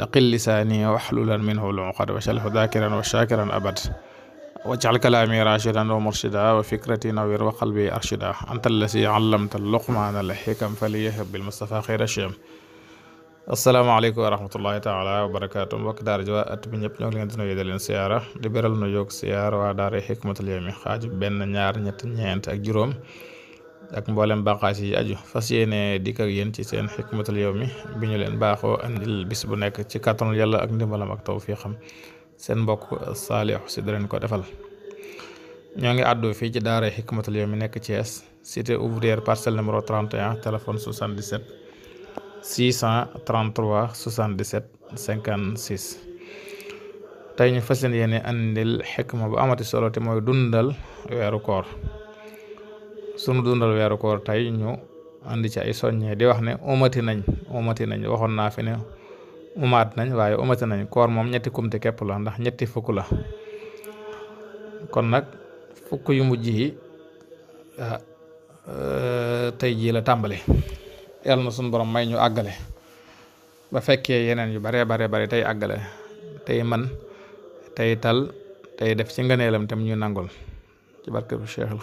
laqil lisaani waxlulan minhu lumuqad wacalhu dakiran wa shakiran abad wajcal kalaami rashidan wa murshida wa fikrati nawir wa qalbi arshida anta allasi allamta luqmaana alxikam faliyahab bilmustafa xayra sham asalaamaaleykum wa rahmatullahi taala wa barakaatu mbokk daara ji waa at bi ñëpp ñoo ngi leen di nuyu di leen siyaara di beral nu yoog siyaar waa daara xikmatul yawmi xaaj benn ñaar ñett ñeent ak juróom ak mboolem bànqaas yi aju fas yéene dikk ak yéen ci seen xikmatul mi bi ñu leen baaxoo andil bis bu nekk ci kàttanul yàlla ak ndimbalam ak taw xam seen mbokk Saliou Sy da leen ko defal ñoo ngi àddu fii ci daara xikmatul mi nekk Thiès cité ouvrière parcelle numéro 31 téléphone 77 633 77 56 tey ñu fas leen yéene andil xikma bu amati solo te mooy dundal weeru koor sunu dundal weeru koor tey ñu andi ci ay soññee di wax ne umati nañ umati nañ waxoon naa fi ne umaat nañ waaye umati nañ koor moom ñetti kumte képp la ndax ñetti fukk la kon nag fukk yu mujj yi ah, eh, tey jii la tàmbali yàlla na sunu borom may ñu àggale ba fekkee yeneen yu bare bare bare tey àggale tey man tey tal tey def ci ngëneelam tam ñu nangul ci barke bu Cheikhul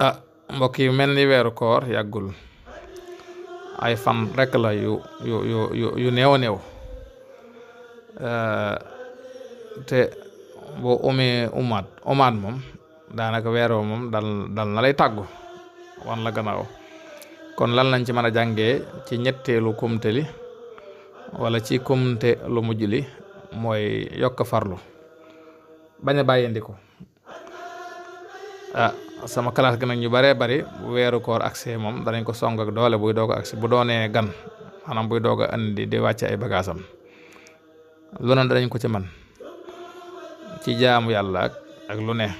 ah mbokk yi mel ni weeru koor yàggul ay fan rekk la yu yu yu yu néew a eh, te boo umee umaat umaat moom daanaka weeroo moom dal na lay tàggu wan la gannaaw kon lan lañ ci mën a jàngee ci ñetteelu kumte li wala ci kumte lu mujj li mooy yokk farlu bañ a bàyyee ndi ko ah sama classe gi nag ñu bare bari bu weeru koor agsi moom danañ ko song ak doole buy doog a agsi bu doonee gan maanaam buy doog a andi di wàcce ay bagaasam lu ne danañ ko ci man ci jaamu yàlla ak lu ne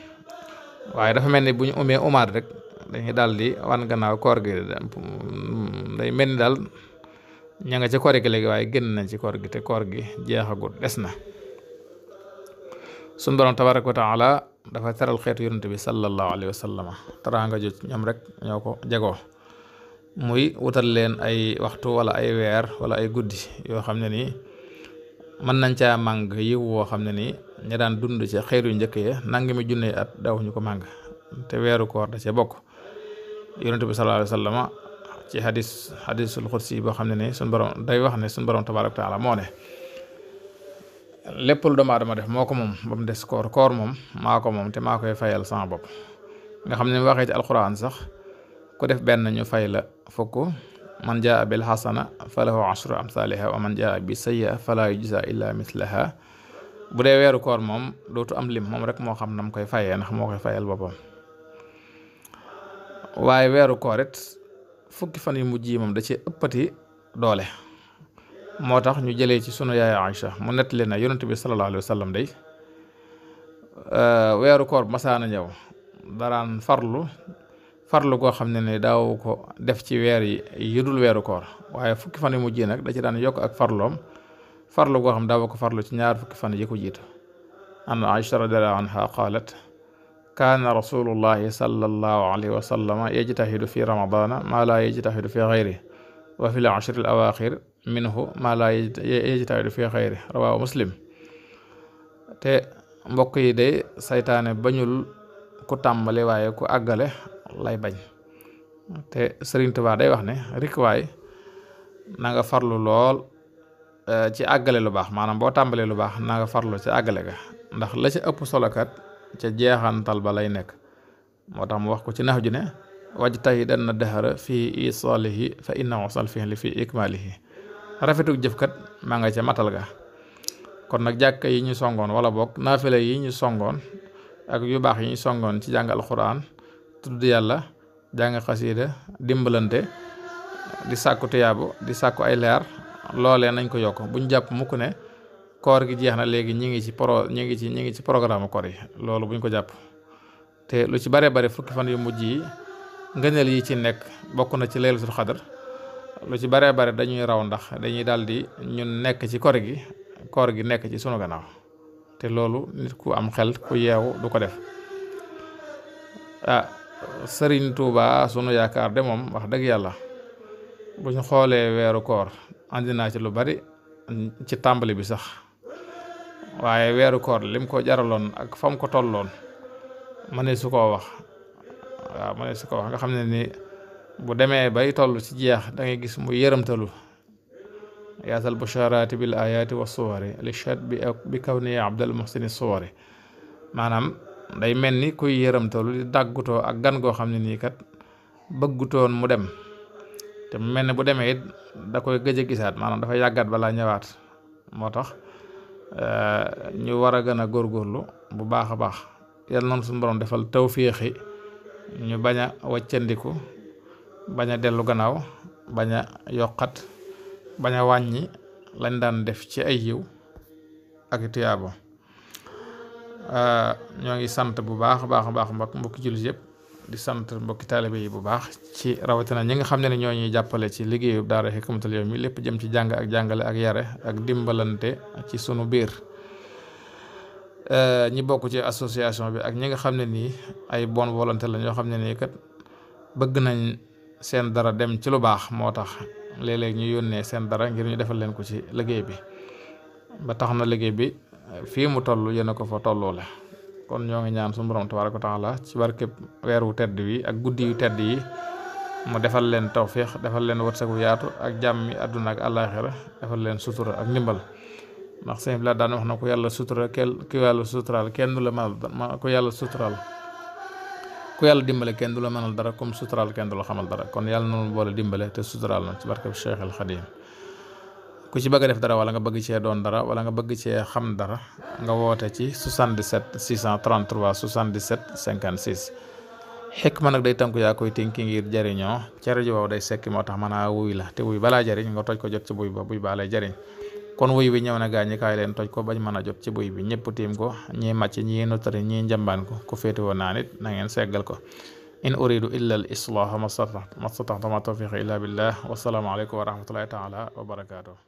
waaye dafa mel ni bu ñu umee umaat rek dañuy daal di wan gannaaw koor gi day mel ni daal ña nga ca koor gi léegi waaye génn nañ ci koor gi te koor gi jeexagut des na sunu borom tabaraka wa dafa teral xeetu yonent bi sallallahu alayhi wa sallam teraanga ju ñoom rek ñoo ko jagoo muy wutal leen ay waxtu wala ay weer wala ay guddi yoo xam ne nii mën nañ caa màng yiw woo xam ne nii ña daan dund ci xeer yu njëkk ya nangi mi junne at dawuñu ko màng te weeru koor da cee bokk yonent bi sallallahu alayhi wa sallam ci hadis hadisul si boo xam ne nii suñ borom day wax ne suñ borom tabaaraka taala moo ne lépp lu doomu aadama def moo ko moom ba mu des koor koor moom maa ko moom te maa koy fayal sama bopp nga xam ne waxee ci alquran sax ku def benn ñu fay la fukk man jaa bil xasana falahu ashru amsaliha wa man jaa bi sayya fala bu dee weeru koor moom dootu am lim moom rek moo xam na mu koy fayee ndax moo koy fayal boppam waaye weeru koor it fukki fan yu mujj yi moom da ci ëppati doole moo tax ñu jëlee ci sunu yaay Aïcha mu nettali na yonent bi sallallahu alayhi wa sallam day euh, weeru koor masaana ñëw daraan farlu farlu goo xam ne ne daaw ko def ci weer yi yudul weeru koor waaye fukki fan yi mujj nag da ci daan yokk ak farloom farlu goo xam daaw ko farlu ci ñaar fukki fan yi ko jiitu an Aïcha radiyallahu anha qaalat kaana rasulullahi sallallahu alayhi wa sallama fi ramadana maa laa yajtahidu fi xayri wa fi l ashri awaaxir minhu maa laa yejitaadu fi xayri rawaaw muslim te mbokk yi day seytaane bañul ku tàmbali waaye ku àggale lay bañ te Sëriñ Tuubaa day wax ne rikwaay na farlu lool eh, ci àggale lu baax maanaam boo tàmbalee lu baax na farlu ci àggale ga ndax la ci ëpp solokat ca jeexantal ba lay nekk moo tax mu wax ko ci nax ju ne waj tayi da na dahara fii isalihi fa inna wasal fihi li fii ikmalihi rafetug jëfkat maa nga ca matal ga kon nag jàkk yi ñu songoon wala bokk naafile yi ñu songoon ak yu baax yi ñu songoon ci jàng alxuraan tudd yàlla jàng xasiida dimbalante di sàkku tuyaabu di sàkku ay leer loolee nañ ko yokk buñ jàpp mukk ne koor gi jeex na léegi ñi ngi ci pro ñi ngi ci ñi ngi ci programme kor yi loolu buñ ko jàpp te lu ci bare bare fukki fan yu mujj yi ngëneel yi ci nekk bokk na ci laylatul xadar lu ci baree bare dañuy raw ndax dañuy daldi ñun nekk ci koor gi koor gi nekk ci sunu gannaaw te loolu nit ku am xel ku yeewu du ko def ah sëriñ Touba sunu yaakaar de moom wax dëgg yàlla bu ñu xoolee weeru koor andi naa ci lu bari ci tàmbali bi sax waaye weeru koor lim ko jaraloon ak fam ko tolloon ma ne su koo wax waaw ma koo wax nga xam ne ni bu demee bay toll ci jeex da ngay gis mu yërëmtalu bu busharaati bil ayaati wa suwari li chat bi ak bi kaw ni abdal muhsini suwari maanaam day mel ni kuy yërëmtalu di dàggutoo ak gan goo xam ne nii kat bëggutoon mu dem te mu mel ne bu demee it da koy gëj gisaat maanaam dafa yàggat balaa ñawaat moo tax eh, ñu war a gën a góor góorlu bu baax a baax yal na suñu borom defal tawfiixi ñu bañ a wàccandiku bañ a dellu gannaaw bañ a yokkat bañ a wàññi lañ daan def ci ay yiw ak tuyaaba ah, ñoo ngi sant bu baax baax baax mbokk mbokki jullit yëpp di sant mbokki taalibe yi bu baax ci rawatina ñi nga xam ne ne ñoo ñuy jàppale ci liggéeyu daara Hikmatul Yawmi lépp jëm ci jàng ak jàngale ak yare ak dimbalante ci sunu biir ah, ñi bokk ci association bi ak ñi nga xam ne nii ay bon volonté la ñoo xam ne nii kat bëgg nañ seen dara dem ci lu baax moo tax léeg-léeg ñu yónnee seen dara ngir ñu defal leen ko ci liggéey bi ba tax na liggéey bi fii mu toll yéen a ko fa tolloole kon ñoo ngi ñaan suñu borom tabaaraka taala ci barkeb weer wu tedd wi ak guddi yu tedd yi mu defal leen tawféex defal leen wërsëg wu yaatu ak jàmm jàmmi àdduna ak àllaaxira defal leen sutura ak ndimbal ndax sëñ la daan wax na ku yàlla sutura kel ku yàlla suturaal kenn du la ma ku yàlla suturaal ku yàlla dimbale kenn du la mënal dara comme suturaal kenn du la xamal dara kon yàlla noonu boole dimbale te suturaal na ci barkeb Cheikh al Xadim ku ci bëgg a def dara wala nga bëgg cee doon dara wala nga bëgg cee xam dara nga woote ci 77 633 77 56 ma nag day tënku yaa koy tënki ngir jariñoo ca rajo boobu day sekki moo tax mën a wuy la te wuy balaa jariñ nga toj ko jot ci buy ba buy jariñ kon wuy wi ñëw na gaañ ñi leen toj ko bañ mën a jot ci buy bi ñëpp tiim ko ñii màcc ñii notari ñii njambaan ko ko féete woon naa nit na seggal ko in uridu illa al islaaha mastataxta ma tawfiqi illa billah wasalaamu aleykum wa rahmatullahi taala wa barakaatuh